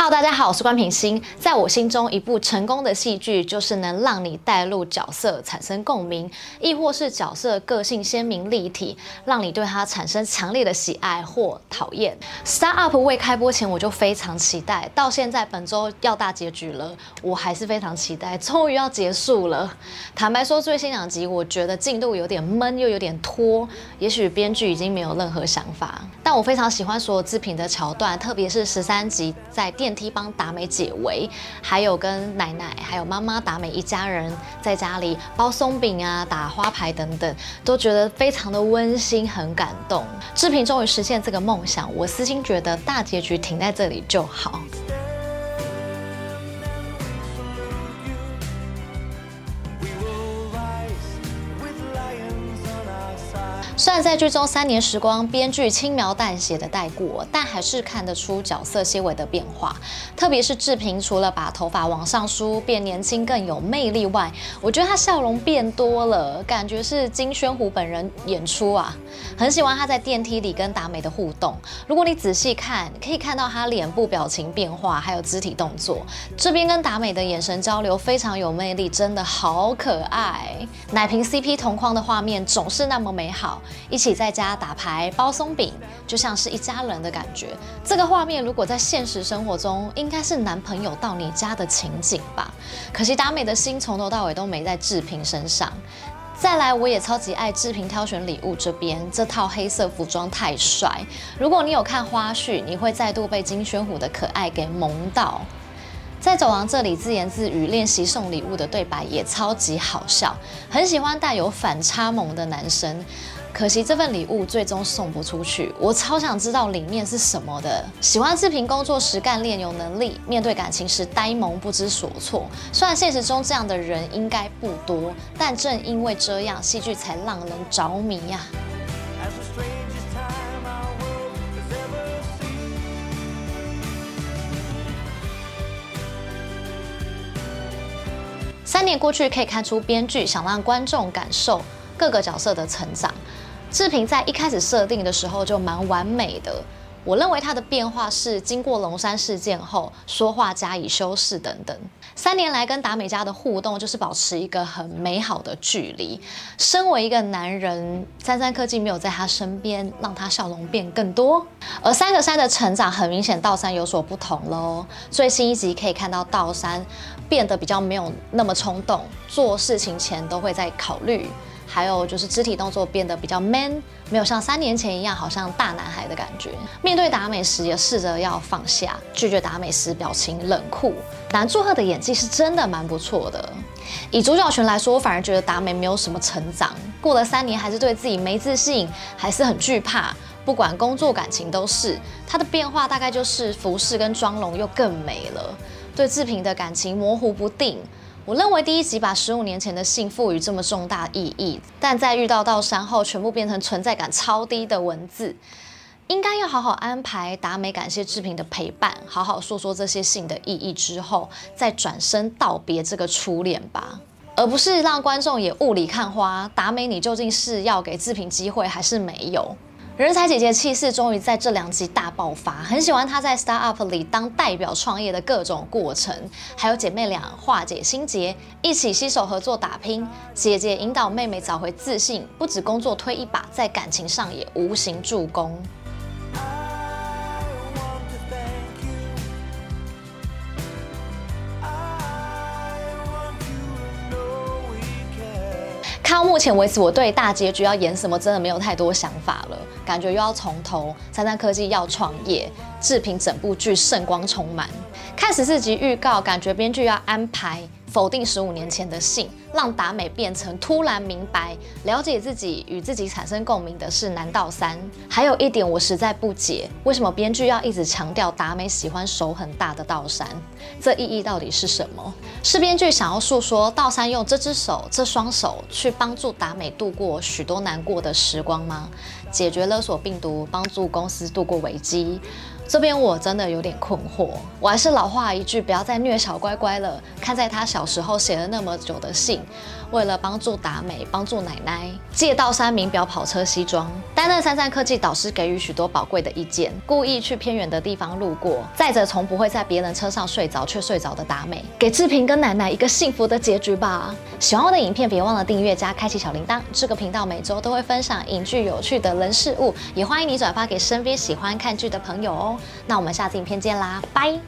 Hello，大家好，我是官品心。在我心中，一部成功的戲劇就是能讓你帶入角色產生共鳴，亦或是角色個性鮮明立體，讓你對他產生強烈的喜愛或討厭。Start-Up 未開播前我就非常期待，到現在本周要大結局了，我還是非常期待，終於要結束了。坦白說，最新兩集我覺得進度有點悶，又有點拖，也許編劇已經沒有任何想法。但我非常喜歡所有志平的橋段，特別是十三集在電電梯幫達美解圍，還有跟奶奶、還有媽媽達美一家人在家裡包松餅啊、打花牌等等，都覺得非常的溫馨，很感動。志平終於實現這個夢想，我私心覺得大結局停在這裡就好。雖然在劇中三年時光，編劇輕描淡寫的帶過，但還是看得出角色細微的變化。特別是志平，除了把頭髮往上梳變年輕更有魅力外，我覺得他笑容變多了，感覺是金宣虎本人演出啊。很喜歡他在電梯裡跟達美的互動。如果你仔細看，可以看到他臉部表情變化，還有肢體動作。這邊跟達美的眼神交流非常有魅力，真的好可愛。奶平 CP 同框的畫面總是那麼美好。一起在家打牌、包鬆餅，就像是一家人的感覺。這個畫面如果在現實生活中，應該是男朋友到你家的情景吧？可惜達美的心從頭到尾都沒在志平身上。再來，我也超級愛志平挑選禮物這邊，這套黑色服裝太帥。如果你有看花絮，你會再度被金宣虎的可愛給萌到。在走廊這裡自言自語練習送禮物的對白也超級好笑，很喜歡帶有反差萌的男生。可惜這份禮物最終送不出去，我超想知道裡面是什麼的。喜歡志平工作時幹練有能力，面對感情時呆萌不知所措。雖然現實中這樣的人應該不多，但正因為這樣，戲劇才讓人着迷呀。三年過去，可以看出編劇想讓觀眾感受各個角色的成長。志平在一開始設定的時候就蠻完美的，我認為他的變化是經過龍山事件後說話加以修飾等等。三年來跟達美家的互動就是保持一個很美好的距離。身為一個男人，三山科技沒有在他身邊，讓他笑容變更多。而三和三的成長很明顯，道山有所不同嘍。所以新一集可以看到道山變得比較沒有那麼衝動，做事情前都會再考慮。還有就是肢體動作變得比較 man，沒有像三年前一樣，好像大男孩的感覺。面對達美時，也試着要放下，拒絕達美時表情冷酷。南柱赫的演技是真的蠻不錯的。以主角群來說，我反而覺得達美沒有什麼成長，過了三年還是對自己沒自信，還是很懼怕，不管工作感情都是。他的變化大概就是服飾跟妝容又更美了，對志平的感情模糊不定。我認為第一集把十五年前的信賦予這麼重大意義，但在遇到道山後，全部變成存在感超低的文字，應該要好好安排達美感謝志平的陪伴，好好說說這些信的意義之後，再轉身道別這個初戀吧，而不是讓觀眾也霧裡看花。達美，你究竟是要給志平機會，還是沒有？仁材姐姐氣勢終於在這兩集大爆發，很喜歡她在 startup 裡當代表創業的各種過程，還有姐妹倆化解心結，一起攜手合作打拼。姐姐引導妹妹找回自信，不止工作推一把，在感情上也無形助攻。到目前為止，我對大結局要演什麼真的沒有太多想法了，感覺又要從頭。三山科技要創業，志平整部劇聖光充滿。看十四集預告，感覺編劇要安排。否定十五年前的信，讓達美變成突然明白、了解自己與自己產生共鳴的是南道山。還有一點，我實在不解，為什麼編劇要一直強調達美喜歡手很大的道山？這意義到底是什麼？是編劇想要訴說道山用這隻手、這雙手去幫助達美度過許多難過的時光嗎？解決勒索病毒，幫助公司度過危機。這邊我真的有點困惑，我還是老話一句，不要再虐小乖乖了。看在他小時候寫了那麼久的信。為了幫助達美，幫助奶奶，借到三名錶、跑車、西裝，擔任三山科技導師，給予許多寶貴的意見。故意去偏遠的地方路過，載着從不會在別人車上睡着卻睡着的達美，給志平跟奶奶一個幸福的結局吧。喜歡我的影片，別忘了訂閱加開啟小鈴鐺。這個頻道每週都會分享影劇有趣的人事物，也歡迎你轉發給身邊喜歡看劇的朋友哦。那我們下次影片見啦，拜。